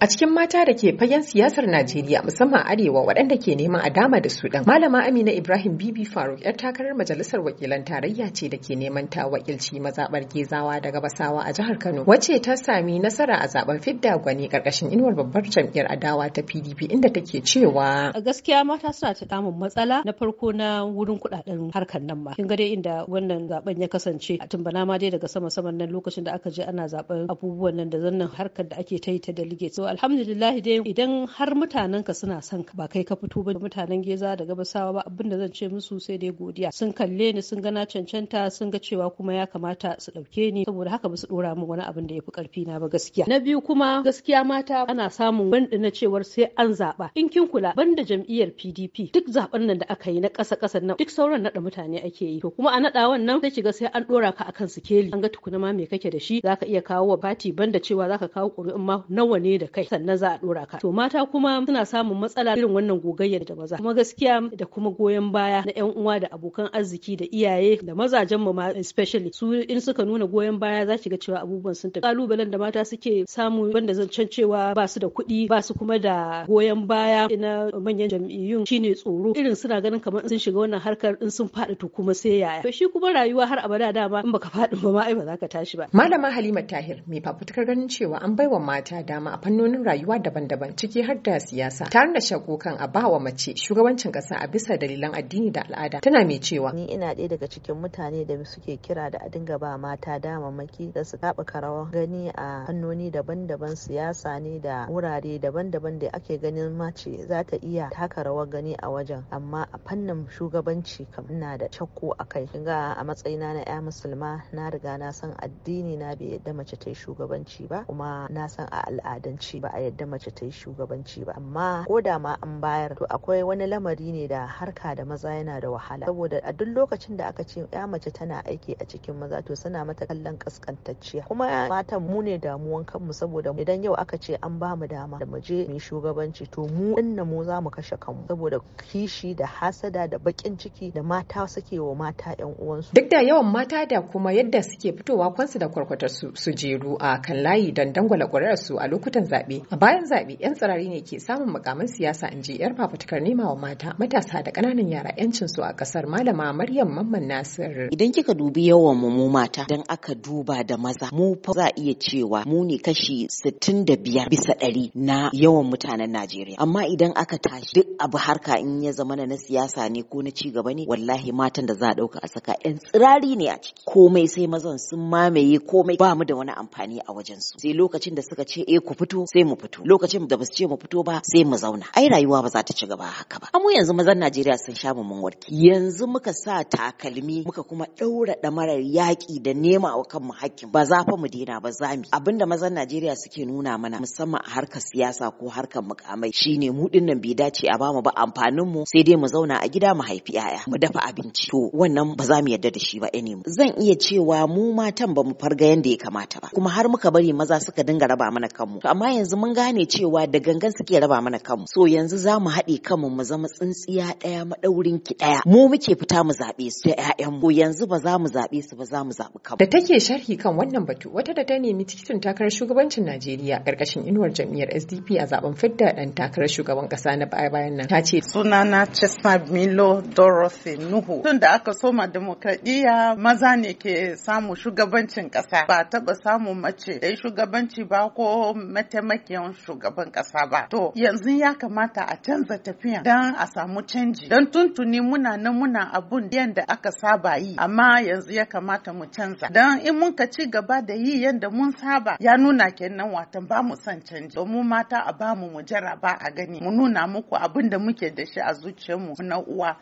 A cikin mata da ke fagen siyasar Najeriya musamman arewa waɗanda ke neman a dama da su ɗan. Malama Amina Ibrahim Bibi Faruk ‘yar takarar majalisar wakilan tarayya ce da ke neman ta wakilci mazaɓar Gezawa daga Basawa a jihar Kano Wace ta sami nasara a zaben fidda gwani ƙarƙashin inuwar babbar jam'iyyar adawa ta PDP inda take cewa. A gaskiya mata suna ta damun matsala na farko na wurin kuɗaɗen harkar nan ma. Kin ga dai inda wannan zaben ya kasance a tumbana ma dai daga sama saman nan lokacin da aka je ana zaben abubuwan nan da zannan harkar da ake ta yi ta delegate. alhamdulillah dai idan har mutanen ka suna son ka ba kai ka fito ba mutanen geza da gabasawa ba abinda zan ce musu sai dai godiya sun kalle ni sun gana cancanta sun ga cewa kuma ya kamata su dauke ni saboda haka ba su dora min wani abin da ya fi karfi na ba gaskiya na biyu kuma gaskiya mata ana samun bandi na cewar sai an zaba in kin kula banda jam'iyyar PDP duk zaben nan da aka yi na ƙasa ƙasar nan duk sauran naɗa mutane ake yi to kuma a naɗa wannan sai kiga sai an dora ka akan sikeli an ga tukuna ma me kake da shi zaka iya kawo wa party banda cewa zaka kawo ƙuri'un ma nawa ne da kai sannan za a dora ka to mata kuma suna samun matsala irin wannan gogayyar da maza kuma gaskiya da kuma goyon baya na yan uwa da abokan arziki da iyaye da mazajen mu ma especially su in suka nuna goyon baya za ki ga cewa abubuwan sun tafi kalubalen da mata suke samu wanda zan can cewa ba su da kuɗi ba su kuma da goyon baya na manyan jam'iyyun shine tsoro irin suna ganin kamar sun shiga wannan harkar in sun faɗi to kuma sai yaya to shi kuma rayuwa har abada dama in baka faɗi ba ma ai ba za ka tashi ba malama halima tahir mai fafutukar ganin cewa an baiwa mata dama a fannoni fannonin rayuwa daban-daban ciki har da siyasa. Tare da kan a ba wa mace shugabancin kasa a bisa dalilan addini da al'ada. Tana mai cewa ni ina ɗaya daga cikin mutane da suke kira da a dinga ba mata damamaki da su kaɓa karawa gani a fannoni daban-daban siyasa ne da wurare daban-daban da ake ganin mace za ta iya taka rawar gani a wajen amma a fannin shugabanci kam ina da shakku a kai ga a matsayina na 'ya musulma na riga na san addini na bai yadda mace ta yi shugabanci ba kuma na san a al'adance ba a yadda mace ta yi shugabanci ba amma ko da ma an bayar to akwai wani lamari ne da harka da maza yana da wahala saboda a duk lokacin da aka ce ya mace tana aiki a cikin maza to suna mata kallon kaskantacciya kuma matan mu ne damuwan kanmu saboda idan yau aka ce an ba mu dama da muje mu yi shugabanci to mu dinna mu za mu kashe kanmu saboda kishi da hasada da bakin ciki da mata suke wa mata yan uwansu duk da yawan mata da kuma yadda suke fitowa kwansu da kwarkwatar su su jeru a kan layi don dangwala su a lokutan zaɓe zaɓe. A bayan zaɓe 'yan tsirari ne ke samun makaman siyasa in ji 'yar fafutukar nema wa mata matasa da ƙananan yara 'yancin su a ƙasar malama Maryam Mamman Nasir. Idan kika dubi yawan mu mu mata dan aka duba da maza mu fa za iya cewa mu ne kashi 65 bisa ɗari na yawan mutanen Najeriya. Amma idan aka tashi duk abu harka in ya zama na siyasa ne ko na ci gaba ne wallahi matan da za a ɗauka a saka 'yan tsirari ne a ciki. Komai sai mazan sun mamaye komai ba mu da wani amfani a wajen su. Sai lokacin da suka ce eh ku fito sai sai mu fito lokacin da basu ce mu fito ba sai mu zauna ai rayuwa ba za ta ci gaba haka ba amma yanzu mazan Najeriya sun sha mu mun warki yanzu muka sa takalmi muka kuma daura damarar yaƙi da nema wa kanmu hakkin ba za fa mu daina ba za mu abinda mazan Najeriya suke nuna mana musamman a harkar siyasa ko harkar mukamai shine mu dinnan bai dace a bamu ba amfanin mu sai dai mu zauna a gida mu haifi yaya mu dafa abinci to wannan ba za mu yarda da shi ba anymore zan iya cewa mu matan ba mu farga yanda ya kamata ba kuma har muka bari maza suka dinga raba mana kanmu amma yanzu yanzu mun gane cewa da gangan suke raba mana kanmu so yanzu za mu haɗe kanmu mu zama tsintsiya ɗaya maɗaurin ki ɗaya mu muke fita mu zaɓe su ƴaƴan mu yanzu ba za mu zaɓe su ba za mu zaɓi kanmu da take sharhi kan wannan batu wata da ta nemi tikitin takarar shugabancin Najeriya ƙarƙashin inuwar jam'iyyar SDP a zaben fidda ɗan takarar shugaban ƙasa na baya-bayan nan ta ce sunana Chesma Milo Dorothy Nuhu tun da aka soma demokradiyya maza ne ke samun shugabancin ƙasa ba taɓa samun mace da shugabanci ba ko mataimaki mataimakiyan shugaban kasa ba to yanzu ya kamata a canza tafiya dan a samu canji dan tuntuni muna nan muna abun yadda aka saba yi amma yanzu ya kamata mu canza dan in mun ka ci gaba da yi yadda mun saba ya nuna kenan watan ba mu son canji domin mata a bamu mu jaraba a gani mu nuna muku abin da muke da shi a zuciyarmu na uwa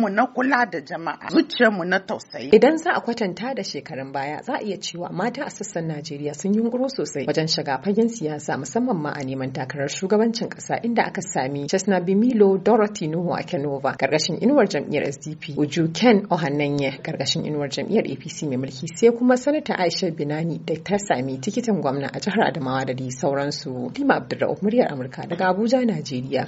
mu na kula da jama'a zuciyar mu na tausayi idan za a kwatanta da shekarun baya za a iya cewa mata a sassan Najeriya sun yunkuro sosai wajen shiga fagen siyasa musamman ma a neman takarar shugabancin ƙasa inda aka sami Chesna Bimilo Dorothy Nuhu Akenova karkashin inuwar jam'iyyar SDP Uju Ken Ohannanye karkashin inuwar jam'iyyar APC mai mulki sai kuma sanata Aisha Binani da ta sami tikitin gwamna a jihar Adamawa da dai sauransu. Dima Abdulrahman muryar Amurka daga Abuja, Najeriya.